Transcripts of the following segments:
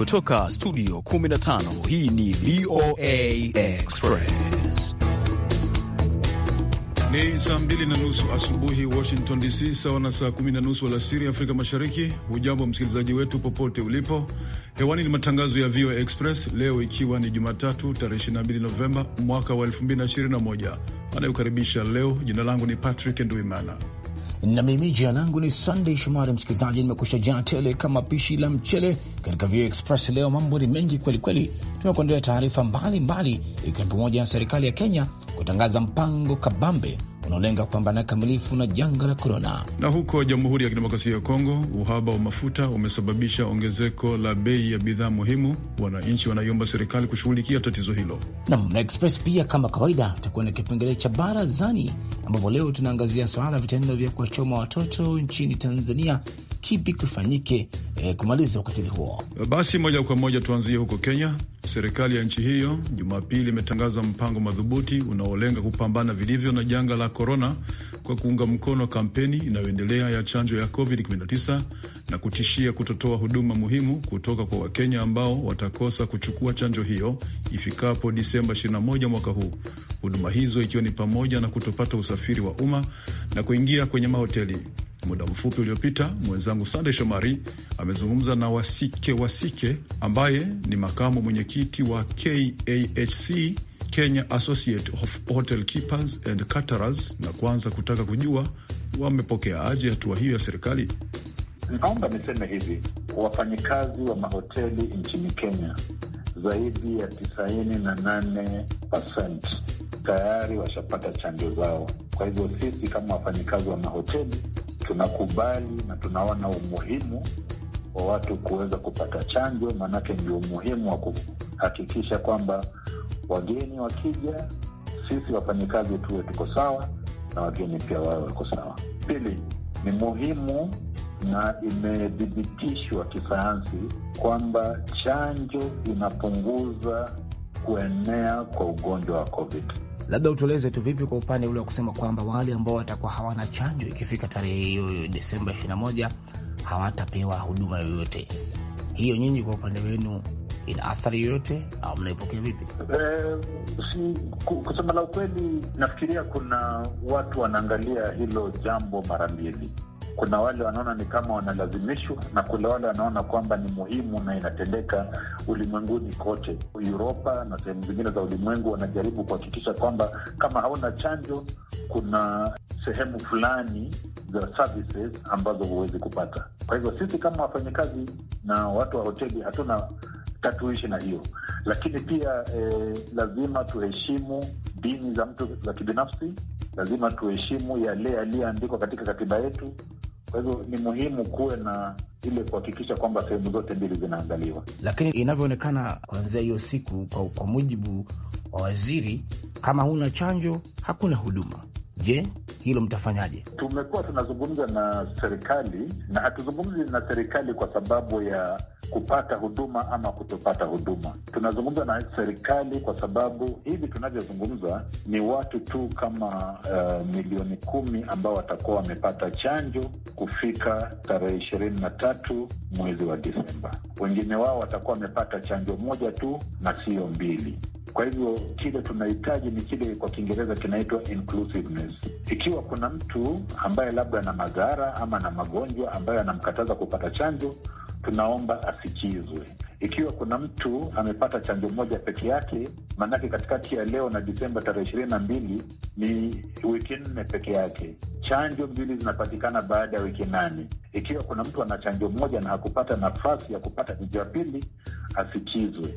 Kutoka studio 15 hii ni VOA Express. Ni saa mbili na nusu asubuhi Washington DC, sawa na saa kumi na nusu alasiri Afrika Mashariki. Hujambo msikilizaji wetu popote ulipo. Hewani ni matangazo ya VOA Express leo ikiwa ni Jumatatu tarehe 22 Novemba mwaka wa 2021. Anayokaribisha leo, jina langu ni Patrick Nduimana na mimi jina langu ni Sunday Shomari. Msikilizaji, nimekusha jaa tele kama pishi la mchele katika VOA Express. Leo mambo ni mengi kwelikweli, tumekuandalia taarifa mbalimbali, ikiwa ni pamoja na serikali ya Kenya kutangaza mpango kabambe unaolenga kupambana kamilifu na janga la korona. Na huko Jamhuri ya Kidemokrasia ya Kongo, uhaba wa mafuta umesababisha ongezeko la bei ya bidhaa muhimu. Wananchi wanaiomba serikali kushughulikia tatizo hilo. Nam na Express pia kama kawaida itakuwa na kipengele cha barazani, ambapo leo tunaangazia swala vitendo vya kuwachoma watoto nchini Tanzania kipi kifanyike eh, kumaliza ukatili huo? Basi moja kwa moja tuanzie huko Kenya. Serikali ya nchi hiyo Jumapili imetangaza mpango madhubuti unaolenga kupambana vilivyo na janga la korona kwa kuunga mkono kampeni inayoendelea ya chanjo ya COVID-19 na kutishia kutotoa huduma muhimu kutoka kwa Wakenya ambao watakosa kuchukua chanjo hiyo ifikapo Disemba 21 mwaka huu, huduma hizo ikiwa ni pamoja na kutopata usafiri wa umma na kuingia kwenye mahoteli. Muda mfupi uliopita mwenzangu Sande Shomari amezungumza na Wasike Wasike ambaye ni makamu mwenyekiti wa KAHC Kenya Associate Hotel Keepers and Caterers, na kuanza kutaka kujua wamepokea aje hatua hiyo ya serikali. Naomba niseme hivi, wafanyikazi wa mahoteli nchini Kenya zaidi ya tisaini na nane percent tayari washapata chanjo zao. Kwa hivyo sisi kama wafanyikazi wa mahoteli tunakubali na tunaona umuhimu wa watu kuweza kupata chanjo, maanake ndio umuhimu wa kuhakikisha kwamba Wageni wakija, sisi wafanyakazi tuwe tuko sawa na wageni pia wawe wako sawa. Pili, ni muhimu na imedhibitishwa kisayansi kwamba chanjo inapunguza kuenea kwa ugonjwa wa COVID. Labda utueleze tu vipi kwa upande ule wa kusema kwamba wale ambao watakuwa hawana chanjo ikifika tarehe hiyo Desemba 21 hawatapewa huduma yoyote hiyo. Nyinyi kwa upande wenu ina athari yoyote au mnaipokea vipi? Eh, si, kusema la ukweli, nafikiria kuna watu wanaangalia hilo jambo mara mbili. Kuna wale wanaona ni kama wanalazimishwa na kuna wale wanaona kwamba ni muhimu na inatendeka ulimwenguni kote. Uropa na sehemu zingine za ulimwengu wanajaribu kuhakikisha kwamba kama hauna chanjo, kuna sehemu fulani za services ambazo huwezi kupata. Kwa hivyo sisi kama wafanyakazi na watu wa hoteli hatuna tatuishi na hiyo, lakini pia e, lazima tuheshimu dini za mtu za kibinafsi, lazima tuheshimu yale yaliyoandikwa katika katiba yetu. Kwa hivyo ni muhimu kuwe na ile kuhakikisha kwamba sehemu zote mbili zinaangaliwa, lakini inavyoonekana kuanzia hiyo siku, kwa, kwa mujibu wa waziri, kama huna chanjo hakuna huduma. Je, hilo mtafanyaje? Tumekuwa tunazungumza na serikali na hatuzungumzi na serikali kwa sababu ya kupata huduma ama kutopata huduma. Tunazungumza na serikali kwa sababu hivi tunavyozungumza ni watu tu kama uh, milioni kumi ambao watakuwa wamepata chanjo kufika tarehe ishirini na tatu mwezi wa Disemba. Wengine wao watakuwa wamepata chanjo moja tu na siyo mbili. Kwa hivyo kile tunahitaji ni kile kwa Kiingereza kinaitwa inclusiveness. Ikiwa kuna mtu ambaye labda ana madhara ama ana magonjwa ambayo anamkataza kupata chanjo, tunaomba asikizwe. Ikiwa kuna mtu amepata chanjo moja peke yake, maanake katikati ya leo na Disemba tarehe ishirini na mbili ni wiki nne peke yake. Chanjo mbili zinapatikana baada ya wiki nane. Ikiwa kuna mtu ana chanjo moja na hakupata nafasi ya kupata chanjo ya pili, asikizwe.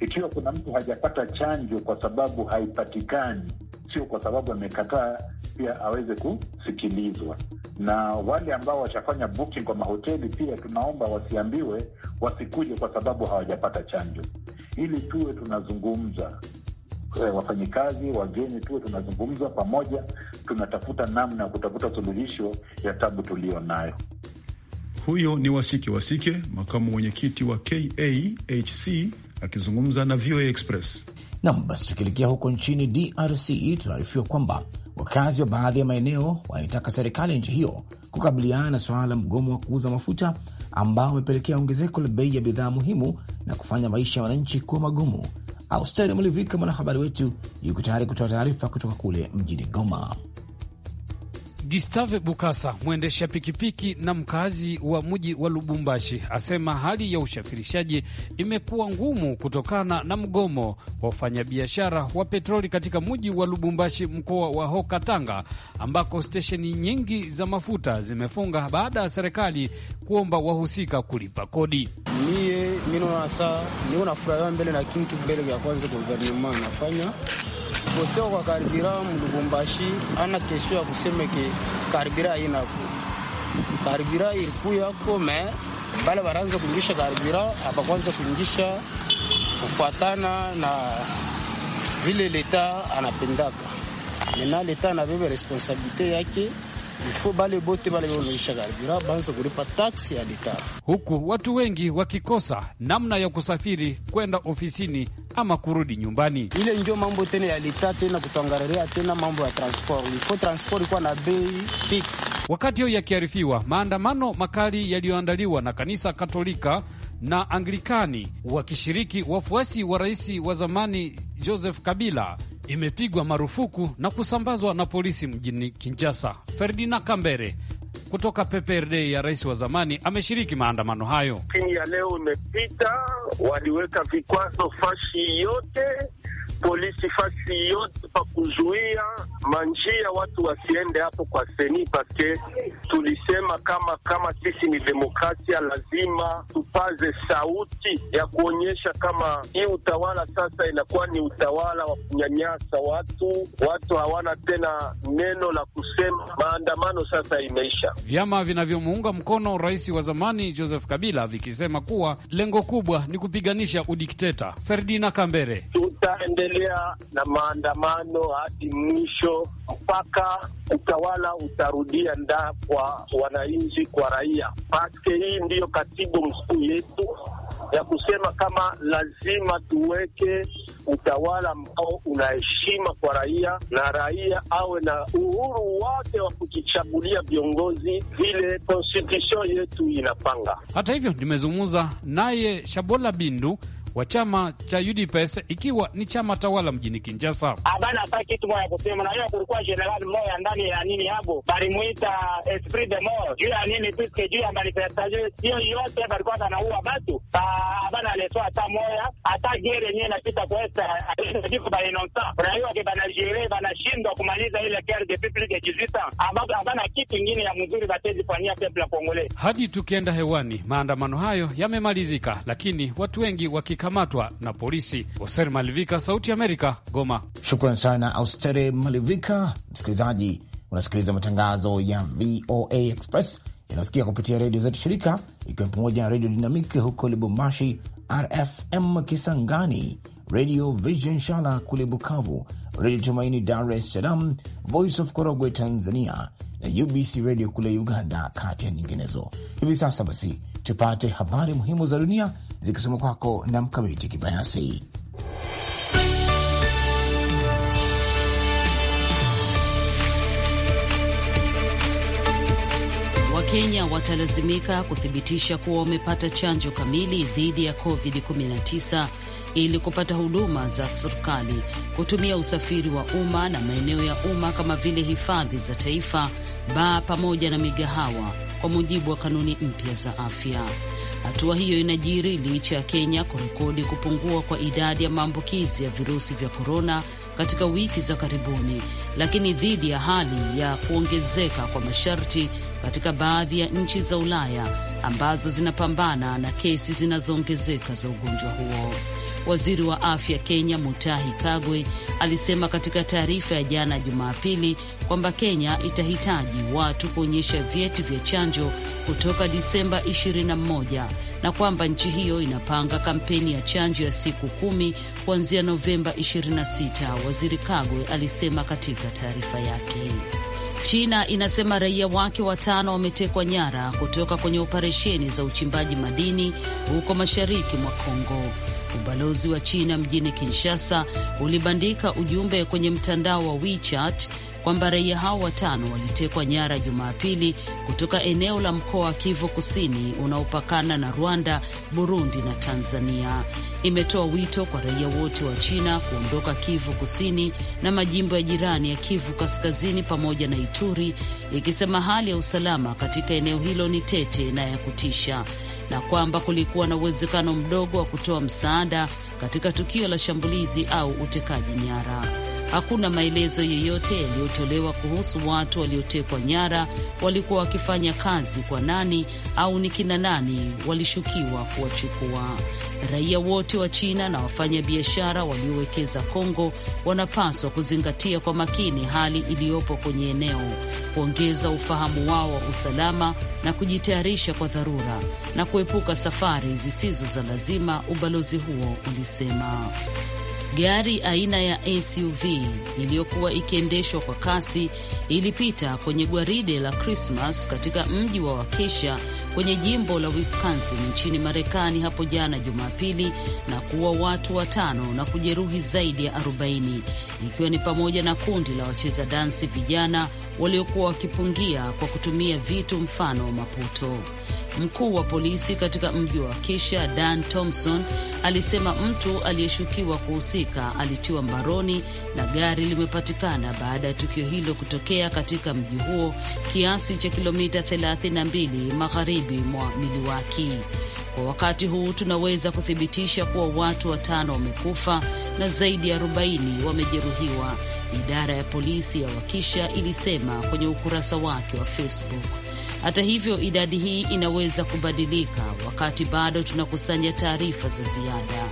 Ikiwa kuna mtu hajapata chanjo kwa sababu haipatikani, sio kwa sababu amekataa, pia aweze kusikilizwa. Na wale ambao washafanya booking kwa mahoteli, pia tunaomba wasiambiwe wasikuje kwa sababu hawajapata chanjo, ili tuwe tunazungumza eh, wafanyikazi wageni, tuwe tunazungumza pamoja, tunatafuta namna ya kutafuta suluhisho ya tabu tuliyo nayo. Huyo ni Wasike Wasike, makamu mwenyekiti wa KAHC akizungumza na VOA Express. Nam, basi tukielekea huko nchini DRC tunaarifiwa kwamba wakazi wa baadhi ya maeneo wanaitaka serikali ya nchi hiyo kukabiliana na suala la mgomo wa kuuza mafuta ambao wamepelekea ongezeko la bei ya bidhaa muhimu na kufanya maisha ya wananchi kuwa magumu. Austeri Malivika, mwanahabari wetu, yuko tayari kutoa taarifa kutoka kule mjini Goma. Gustave Bukasa, mwendesha pikipiki na mkazi wa mji wa Lubumbashi, asema hali ya usafirishaji imekuwa ngumu kutokana na mgomo wa wafanyabiashara wa petroli katika mji wa Lubumbashi, mkoa wa hokatanga ambako stesheni nyingi za mafuta zimefunga baada ya serikali kuomba wahusika kulipa kodi. Mie minonasa niona nafurahia mbele na kintu mbele vya kwanza guvernema nafanya kosewa kwa karibira Mulubumbashi ana kesho ya kusema ke karibira ku karibira iliku yako me bale baraanza kuingisha karibira hapa kwanza kuingisha kufuatana na vile leta anapendaka mena leta anabeba responsabilite yake huku watu wengi wakikosa namna ya kusafiri kwenda ofisini ama kurudi nyumbani. Ile njo mambo tena ya lita tena kutangararia tena mambo ya transport, ifo transport ikuwa na bei fix. Wakati hiyo yakiarifiwa, maandamano makali yaliyoandaliwa na kanisa Katolika na Anglikani wakishiriki wafuasi wa rais wa zamani Joseph Kabila imepigwa marufuku na kusambazwa na polisi mjini Kinshasa. Ferdinand Kambere kutoka PPRD ya rais wa zamani ameshiriki maandamano hayo. ya leo imepita, waliweka vikwazo fashi yote polisi fasi yote pa kuzuia manjia watu wasiende hapo kwa seni, paske tulisema kama kama sisi ni demokrasia, lazima tupaze sauti ya kuonyesha kama hii utawala sasa inakuwa ni utawala wa kunyanyasa watu. Watu hawana tena neno la kusema, maandamano sasa imeisha. Vyama vinavyomuunga mkono rais wa zamani Joseph Kabila vikisema kuwa lengo kubwa ni kupiganisha udikteta. Ferdinand Kambere tutaendelea kuendelea na maandamano hadi mwisho mpaka utawala utarudia nda kwa wananchi, kwa raia. Paske hii ndiyo katibu mkuu yetu ya kusema kama lazima tuweke utawala ambao unaheshima kwa raia na raia awe na uhuru wake wa kujichagulia viongozi vile konstitution yetu inapanga. Hata hivyo, nimezungumza naye Shabola Bindu wa chama cha UDPS ikiwa ni chama tawala mjini Kinshasa. Abana hata kitu mwana kusema najua kulikuwa general moya ndani ya nini hapo, balimuita esprit de mort juu ya nini, piske juu ya manifestation hiyo yote balikuwa kanaua batu. Abana ah, alitoa hata moya hata gere nyie napita kwa esta jiko bainonta unaiwa ke banajere banashindwa kumaliza ile kere de public jizita, ambapo abana kitu ingine ya mzuri batezi fanyia pepla kongole. Hadi tukienda hewani, maandamano hayo yamemalizika, lakini watu wengi wa alikamatwa na polisi. Oser Malivika, Sauti Amerika, Goma. Shukran sana Austere Malivika. Msikilizaji, unasikiliza matangazo ya VOA Express yanayosikia kupitia redio zetu shirika, ikiwa pamoja na Redio Dinamiki huko Lubumbashi, RFM Kisangani, Redio Vision Shala kule Bukavu, Redio Tumaini Dar es Salaam, Voice of Korogwe Tanzania na UBC Redio kule Uganda, kati ya nyinginezo. Hivi sasa basi tupate habari muhimu za dunia zikisoma kwako na Mkamiti Kibayasi. Wakenya watalazimika kuthibitisha kuwa wamepata chanjo kamili dhidi ya COVID-19 ili kupata huduma za serikali, kutumia usafiri wa umma na maeneo ya umma kama vile hifadhi za taifa, baa pamoja na migahawa, kwa mujibu wa kanuni mpya za afya. Hatua hiyo inajiri licha ya Kenya kurekodi kupungua kwa idadi ya maambukizi ya virusi vya korona katika wiki za karibuni, lakini dhidi ya hali ya kuongezeka kwa masharti katika baadhi ya nchi za Ulaya ambazo zinapambana na kesi zinazoongezeka za ugonjwa huo. Waziri wa afya Kenya Mutahi Kagwe alisema katika taarifa ya jana Jumapili kwamba Kenya itahitaji watu kuonyesha vyeti vya chanjo kutoka Disemba 21 na kwamba nchi hiyo inapanga kampeni ya chanjo ya siku kumi kuanzia Novemba 26. Waziri Kagwe alisema katika taarifa yake. China inasema raia wake watano wametekwa nyara kutoka kwenye operesheni za uchimbaji madini huko mashariki mwa Kongo. Ubalozi wa China mjini Kinshasa ulibandika ujumbe kwenye mtandao wa WeChat kwamba raia hao watano walitekwa nyara Jumapili kutoka eneo la mkoa wa Kivu Kusini unaopakana na Rwanda, Burundi na Tanzania. Imetoa wito kwa raia wote wa China kuondoka Kivu Kusini na majimbo ya jirani ya Kivu Kaskazini pamoja na Ituri, ikisema hali ya usalama katika eneo hilo ni tete na ya kutisha na kwamba kulikuwa na uwezekano mdogo wa kutoa msaada katika tukio la shambulizi au utekaji nyara. Hakuna maelezo yeyote yaliyotolewa kuhusu watu waliotekwa nyara walikuwa wakifanya kazi kwa nani au ni kina nani walishukiwa kuwachukua. Raia wote wa China na wafanyabiashara waliowekeza Kongo wanapaswa kuzingatia kwa makini hali iliyopo kwenye eneo, kuongeza ufahamu wao wa usalama na kujitayarisha kwa dharura na kuepuka safari zisizo za lazima, ubalozi huo ulisema. Gari aina ya SUV iliyokuwa ikiendeshwa kwa kasi ilipita kwenye gwaride la Krismas katika mji wa Wakesha kwenye jimbo la Wisconsin nchini Marekani hapo jana Jumapili na kuua watu watano na kujeruhi zaidi ya 40 ikiwa ni pamoja na kundi la wacheza dansi vijana waliokuwa wakipungia kwa kutumia vitu mfano wa maputo. Mkuu wa polisi katika mji wa Wakisha, Dan Thompson, alisema mtu aliyeshukiwa kuhusika alitiwa mbaroni na gari limepatikana baada ya tukio hilo kutokea katika mji huo kiasi cha kilomita 32 magharibi mwa Miliwaki. Kwa wakati huu tunaweza kuthibitisha kuwa watu watano wamekufa na zaidi ya 40 wamejeruhiwa, idara ya polisi ya Wakisha ilisema kwenye ukurasa wake wa Facebook. Hata hivyo, idadi hii inaweza kubadilika wakati bado tunakusanya taarifa za ziada.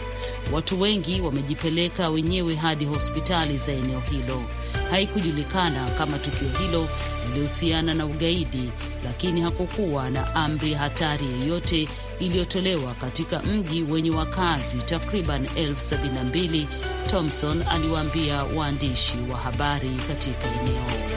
Watu wengi wamejipeleka wenyewe hadi hospitali za eneo hilo. Haikujulikana kama tukio hilo lilihusiana na ugaidi, lakini hakukuwa na amri ya hatari yoyote iliyotolewa katika mji wenye wakazi takriban elfu sabini na mbili. Thompson aliwaambia waandishi wa habari katika eneo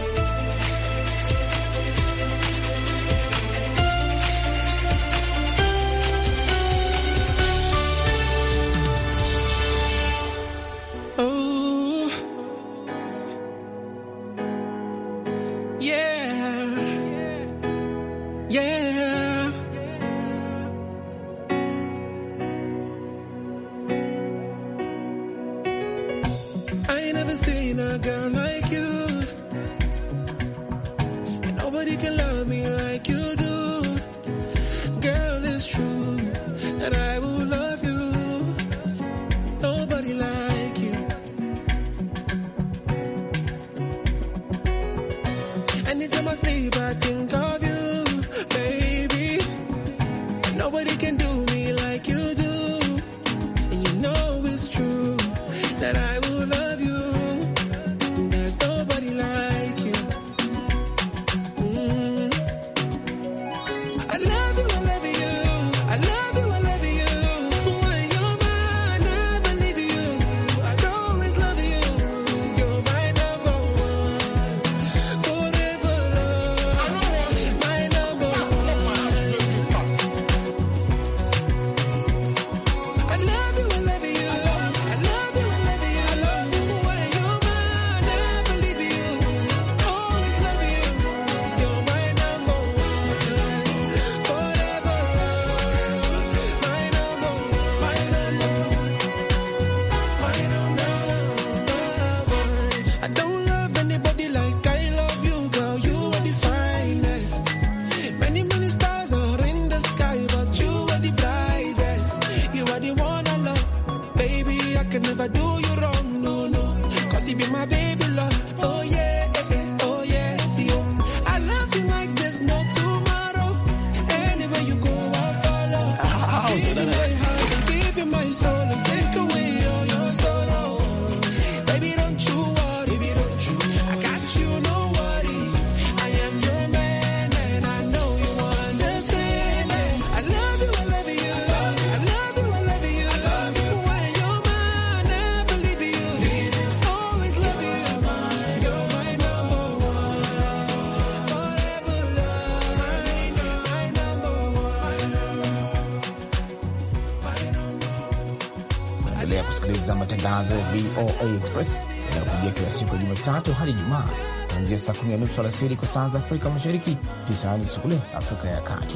saa kumi na nusu alasiri kwa saa za Afrika Mashariki, tisa nusu kule Afrika ya Kati.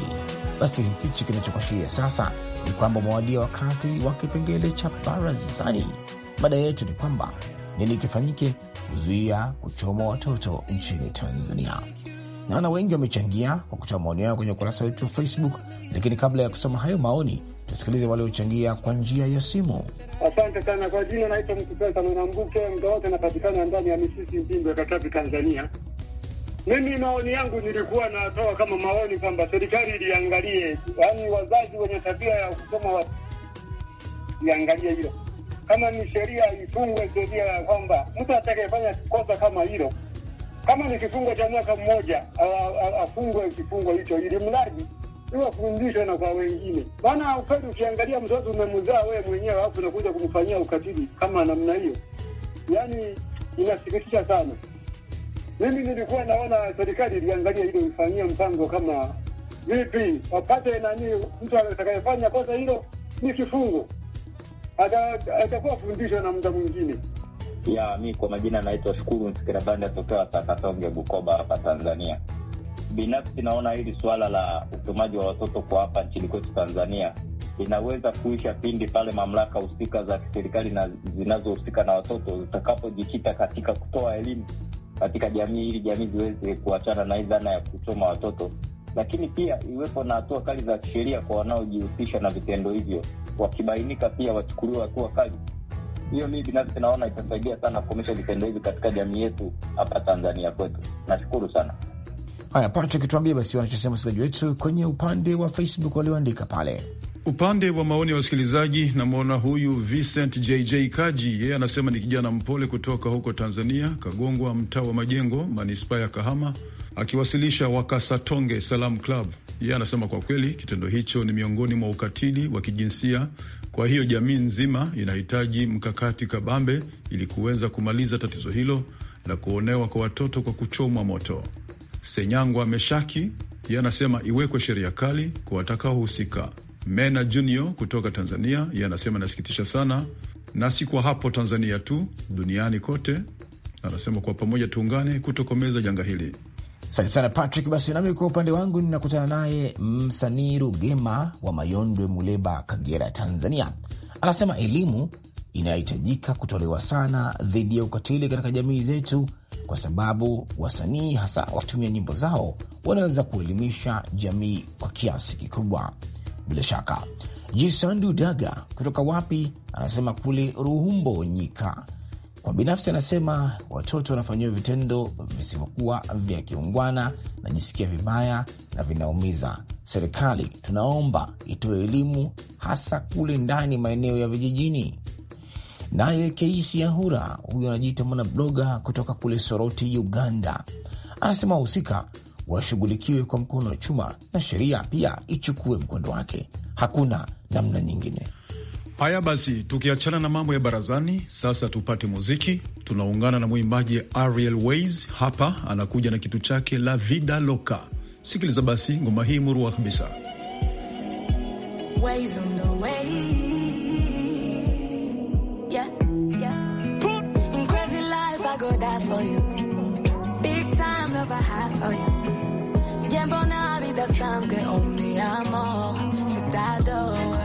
Basi hichi kinachokwashiria sasa ni kwamba umewadia wakati wa kipengele cha barazani. Mada yetu ni kwamba nini kifanyike kuzuia kuchoma watoto nchini Tanzania. Naona wengi wamechangia kwa kutoa maoni yao kwenye ukurasa wetu wa Facebook, lakini kabla ya kusoma hayo maoni tusikilize waliochangia kwa njia ya simu. Asante sana kwa jina, naitwa Mkupesa Mwanambuke, mda wote anapatikana ndani ya Misisi ya Katavi, Tanzania. Mimi maoni yangu nilikuwa natoa kama maoni kwamba serikali iliangalie, yaani wazazi wenye tabia ya kusoma wa iangalie hilo, kama ni sheria ifungwe sheria ya kwamba mtu atakayefanya kosa kama hilo, kama ni kifungo cha mwaka mmoja afungwe kifungo hicho, ili mradi wafundishwe na kwa wengine bana. Ukweli ukiangalia mzazi umemzaa wewe mwenyewe, alafu unakuja kumfanyia ukatili kama namna hiyo, yani inasikitisha sana. Mimi nilikuwa naona serikali iliangalia ile ifanyia mpango kama vipi, wapate nani, mtu atakayefanya kosa hilo ni kifungo, atakuwa fundishwa na mda mwingine ya mi. Kwa majina anaitwa Shukuru Msikirabanda tokea Sakatonge, Bukoba hapa Tanzania binafsi naona hili suala la usomaji wa watoto kwa hapa nchini kwetu Tanzania inaweza kuisha pindi pale mamlaka husika za kiserikali na zinazohusika na watoto zitakapojikita katika kutoa elimu katika jamii ili jamii ziweze kuachana na hii dhana ya kusoma watoto, lakini pia iwepo na hatua kali za kisheria kwa wanaojihusisha na vitendo hivyo. Wakibainika pia wachukuliwe hatua kali. Hiyo mii binafsi naona itasaidia sana kukomesha vitendo hivi katika jamii yetu hapa Tanzania kwetu. Nashukuru sana. Haya, Patrick, tuambie basi wanachosema wasikilizaji wetu kwenye upande wa Facebook walioandika pale. Upande wa maoni ya wasikilizaji, namwona huyu Vincent JJ Kaji, yeye anasema ni kijana mpole kutoka huko Tanzania, Kagongwa, mtaa wa Majengo, manispaa ya Kahama, akiwasilisha Wakasatonge Salam Club. Yeye anasema kwa kweli kitendo hicho ni miongoni mwa ukatili wa kijinsia, kwa hiyo jamii nzima inahitaji mkakati kabambe ili kuweza kumaliza tatizo hilo la kuonewa kwa watoto kwa kuchomwa moto. Senyangwa Meshaki yeye anasema iwekwe sheria kali kwa watakaohusika. Mena Junior kutoka Tanzania yeye anasema inasikitisha sana, na si kwa hapo Tanzania tu, duniani kote. Anasema kwa pamoja tuungane kutokomeza janga hili. Asante sana Patrick. Basi nami kwa upande wangu ninakutana naye msanii Rugema wa Mayondwe, Muleba, Kagera, Tanzania. Anasema elimu inayohitajika kutolewa sana dhidi ya ukatili katika jamii zetu, kwa sababu wasanii hasa watumia nyimbo zao wanaweza kuelimisha jamii kwa kiasi kikubwa. Bila shaka, Jisandu Daga kutoka wapi anasema kule Ruhumbo Nyika. Kwa binafsi anasema watoto wanafanyiwa vitendo visivyokuwa vya kiungwana, najisikia vibaya na vinaumiza. Serikali tunaomba itoe elimu hasa kule ndani maeneo ya vijijini. Naye Keisi Yahura, huyo anajiita mwanabloga kutoka kule Soroti, Uganda, anasema wahusika washughulikiwe kwa mkono wa chuma na sheria pia ichukue mkondo wake, hakuna namna nyingine. Haya basi, tukiachana na mambo ya barazani, sasa tupate muziki. Tunaungana na mwimbaji Ariel Ways, hapa anakuja na kitu chake La Vida Loca. Sikiliza basi ngoma hii murua kabisa. Ways on the way. I go die for you. Big time love I have for you. Jambo na vida sam un día chutado.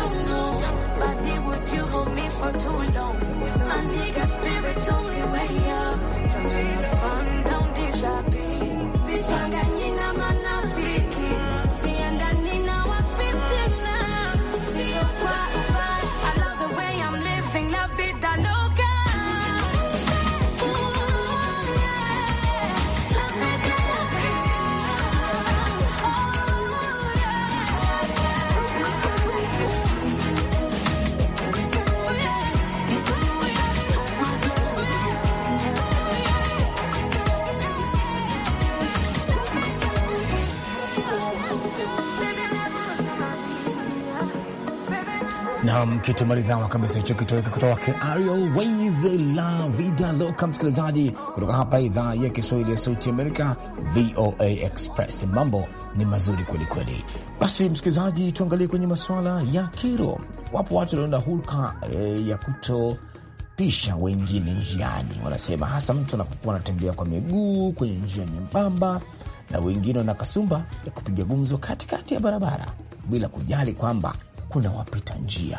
don't know, but did would you hold me for too long? My nigga spirit. Naam, kitu maridhawa kabisa hicho kitoweka kutoka Ariel Ways la vida loka, msikilizaji kutoka hapa idhaa ya Kiswahili ya Sauti Amerika, VOA Express. Mambo ni mazuri kwelikweli. Basi msikilizaji, tuangalie kwenye masuala ya kero. Wapo watu wanaona hulka e, ya kutopisha wengine njiani, wanasema hasa mtu anapokuwa anatembea kwa miguu kwenye njia nyembamba, na wengine wana kasumba ya kupiga gumzo katikati ya barabara bila kujali kwamba kuna wapita njia.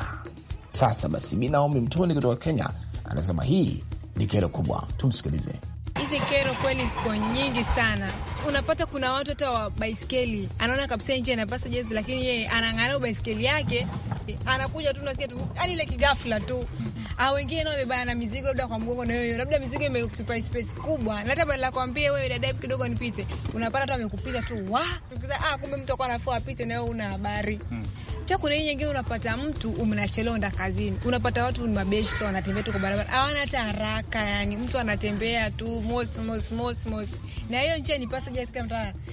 Sasa basi, mi Naomi Mtoni kutoka Kenya anasema hii ni kero kubwa. Tumsikilize. Hizi kero kweli ziko nyingi sana. Unapata kuna watu hata wa baiskeli, anaona kabisa nje anapasa jezi, lakini yeye anang'alia baiskeli yake yake, anakuja tu nasikia tu, yani ile kigafla tu. Mm-hmm. Ah, wengine nao wamebana na mizigo labda kwa mgongo na wewe, labda mizigo imekupa space kubwa, na hata badala ya kuambia wewe dada, kidogo nipite, unapata tu amekupita tu wa ah, kumbe mtu akawa nafua apite na wewe una habari mm. pia kuna hii nyingine unapata mtu umnachelewa kazini, unapata watu ni mabeshi tu, wanatembea tu kwa barabara, hawana hata haraka, yani mtu anatembea tu mos mos mos mos, na hiyo njia ni pasaja,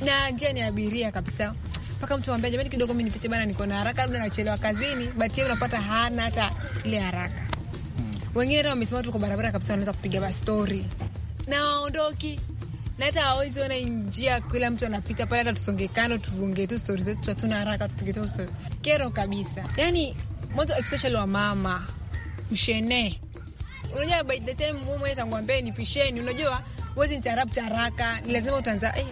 na njia ni abiria kabisa mpaka mtu ambaye jamani, kidogo mimi nipite bana, niko na haraka, labda nachelewa kazini. Bahati yeye unapata hana hata ile haraka. Hmm. Wengine hata wamesimama tu kwa barabara kabisa, wanaweza kupiga ba story na waondoki, na hata hawawezi ona njia, kila mtu anapita pale, hata tusonge kando, tuongee tu story zetu, hatuna haraka, tupige tu story. Kero kabisa, yani moto, especially wa mama mshene Unajua, by the time mwenye tangu ambeni pisheni, unajua huwezi interrupt haraka, ni lazima utaanza eh,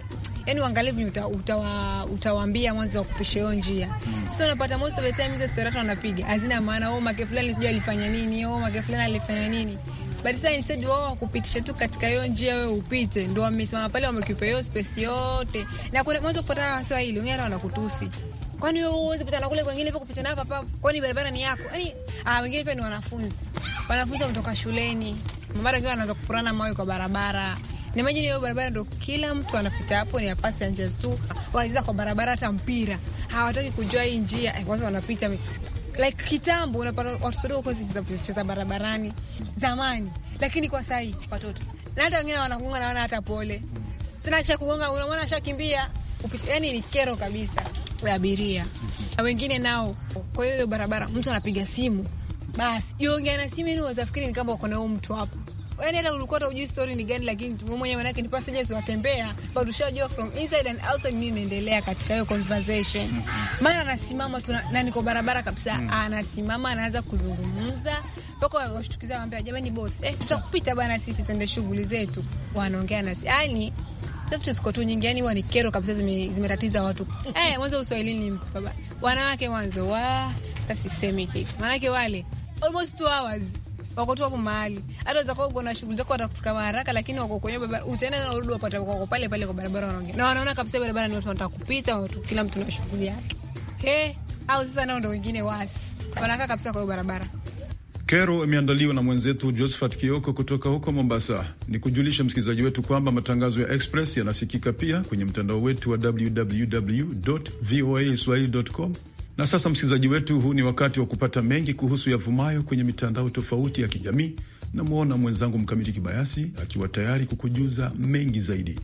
yani uangalivu utawaambia uta, uta mwanzo wa kupisha hiyo njia mm. Sasa unapata most of the time hizo sterata wanapiga hazina maana, oh make fulani sijui alifanya nini, oh make fulani alifanya nini but sasa instead wao wakupitisha tu katika hiyo njia wewe upite, ndo wamesimama pale wamekupa hiyo space yote, na kuna mwanzo kupata Waswahili wengine wanakutusi kwani wewe uweze kupita na kule kwengine hivyo kupita na hapa kwani barabara ni yako? Yaani ah, wengine pia ni wanafunzi, wanafunzi wametoka shuleni, mara wengine wanaanza kupurana mawe kwa barabara na maji hiyo barabara, ndo kila mtu anapita hapo, ni passengers tu wanacheza kwa barabara, hata mpira hawataki kujua hii njia eh, watu wanapita like kitambo, unapata watoto wadogo kuzicheza barabarani zamani, lakini kwa sasa hii watoto na hata wengine wanakunga na wana hata pole tena, kisha kugonga unamwona ashakimbia. Yani ni kero kabisa ya abiria na wengine nao. Kwa hiyo hiyo barabara mtu anapiga simu, basi yongea na simu ni wazafikiri ni kama uko na huyo mtu hapo Yaani hata ulikuwa hata ujui story ni gani, lakini tu mwenyewe manake ni passengers watembea, but ushajua from inside and outside nini inaendelea katika hiyo conversation. Mm-hmm. Maana anasimama tu na niko barabara kabisa, mm. anasimama anaanza kuzungumza mpaka washtukiza wambia, jamani boss, eh, tutakupita bwana, sisi tuende shughuli zetu. Wanaongea nasi yani Safety ziko tu nyingi, yani huwa ni kero kabisa, zimetatiza zime watu eh, mwanzo uswahilini baba, wanawake mwanzo wa tasisemi kitu, maanake wale almost two hours wako tu wako mahali, hata za kuwa na shughuli zako, watakufika haraka, lakini wako kwenye barabara, utaenda na urudi, wapata wako pale pale kwa barabara, wanaongea na wanaona kabisa barabara ni watu wanataka kupita, watu kila mtu na shughuli yake eh, au sasa nao ndo wengine wasi wanakaa kabisa kwa barabara. Kero imeandaliwa na mwenzetu Josephat Kioko kutoka huko Mombasa. Ni kujulisha msikilizaji wetu kwamba matangazo ya Express yanasikika pia kwenye mtandao wetu wa www voa swahili com na sasa, msikilizaji wetu, huu ni wakati wa kupata mengi kuhusu yavumayo kwenye mitandao tofauti ya kijamii. Namwona mwenzangu Mkamiti Kibayasi akiwa tayari kukujuza mengi zaidi.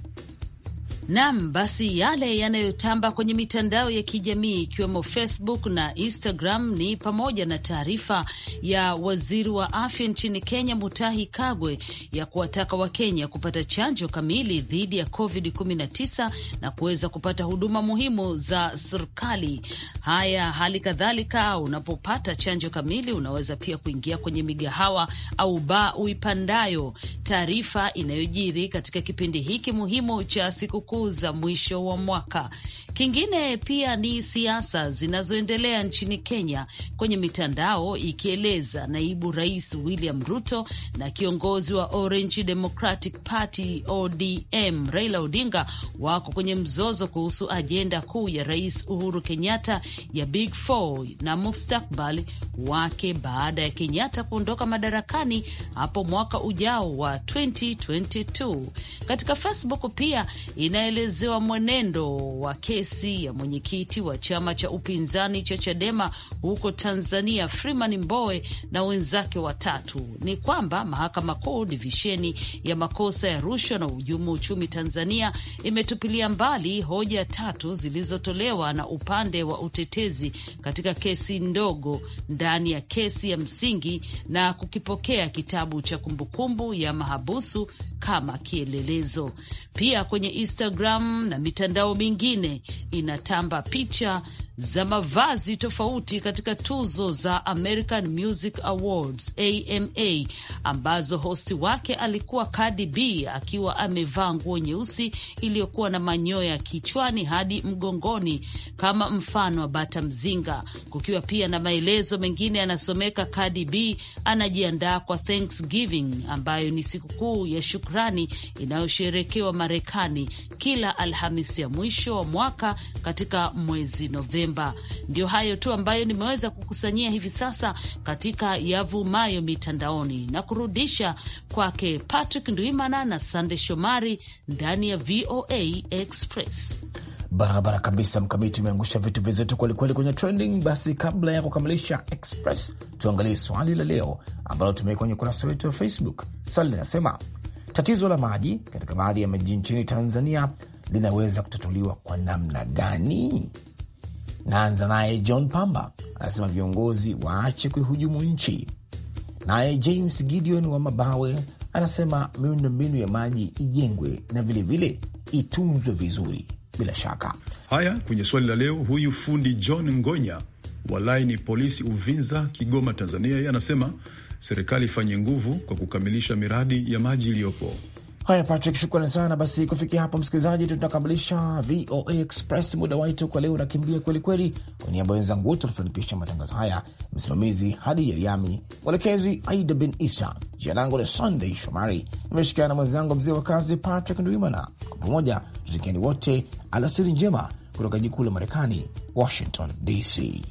Nam, basi yale yanayotamba kwenye mitandao ya kijamii ikiwemo Facebook na Instagram ni pamoja na taarifa ya waziri wa afya nchini Kenya Mutahi Kagwe ya kuwataka Wakenya kupata chanjo kamili dhidi ya COVID-19 na kuweza kupata huduma muhimu za serikali. Haya, hali kadhalika, unapopata chanjo kamili unaweza pia kuingia kwenye migahawa au baa uipandayo. Taarifa inayojiri katika kipindi hiki muhimu cha siku kuu za mwisho wa mwaka. Kingine pia ni siasa zinazoendelea nchini Kenya kwenye mitandao ikieleza naibu rais William Ruto na kiongozi wa Orange Democratic Party ODM Raila Odinga wako kwenye mzozo kuhusu ajenda kuu ya Rais Uhuru Kenyatta ya Big Four na mustakbali wake baada ya Kenyatta kuondoka madarakani hapo mwaka ujao wa 2022. Katika Facebook pia inaelezewa mwenendo wa kesi ya mwenyekiti wa chama cha upinzani cha Chadema huko Tanzania, Freeman Mbowe na wenzake watatu ni kwamba mahakama kuu divisheni ya makosa ya rushwa na uhujumu uchumi Tanzania imetupilia mbali hoja tatu zilizotolewa na upande wa utetezi katika kesi ndogo ndani ya kesi ya msingi na kukipokea kitabu cha kumbukumbu ya mahabusu kama kielelezo. Pia kwenye Instagram na mitandao mingine inatamba picha za mavazi tofauti katika tuzo za American Music Awards AMA, ambazo hosti wake alikuwa Cardi B akiwa amevaa nguo nyeusi iliyokuwa na manyoya kichwani hadi mgongoni kama mfano wa bata mzinga, kukiwa pia na maelezo mengine yanasomeka, Cardi B anajiandaa kwa Thanksgiving ambayo ni sikukuu ya shukrani inayosherekewa Marekani kila Alhamisi ya mwisho wa mwaka katika mwezi Novemba. Novemba. Ndio hayo tu ambayo nimeweza kukusanyia hivi sasa katika yavumayo mitandaoni, na kurudisha kwake Patrick Ndwimana na Sande Shomari ndani ya VOA Express. Barabara kabisa, Mkamiti umeangusha vitu vizito kwelikweli kwenye trending. Basi kabla ya kukamilisha Express, tuangalie swali la leo ambalo tumeweka kwenye ukurasa wetu wa Facebook. Swali linasema tatizo la maji katika baadhi ya miji nchini Tanzania linaweza kutatuliwa kwa namna gani? Naanza naye John Pamba anasema viongozi waache kuihujumu nchi. Naye James Gideon wa Mabawe anasema miundombinu ya maji ijengwe na vilevile itunzwe vizuri. Bila shaka haya, kwenye swali la leo, huyu fundi John Ngonya wa laini polisi Uvinza, Kigoma, Tanzania, yeye anasema serikali ifanye nguvu kwa kukamilisha miradi ya maji iliyopo. Haya, Patrick, shukrani sana. Basi kufikia hapo, msikilizaji, tunakamilisha VOA Express. Muda wetu kwa leo unakimbia kwelikweli. Kwa niaba wenzangu wote walifanikisha matangazo haya, msimamizi Hadi Yeriami, mwelekezi Aida Bin Isa, jina langu ni Sunday Shomari, nimeshikana na mwenzangu mzee wa kazi Patrick Ndwimana. Kwa pamoja tushirikiani wote, alasiri njema kutoka jikuu la Marekani, Washington DC.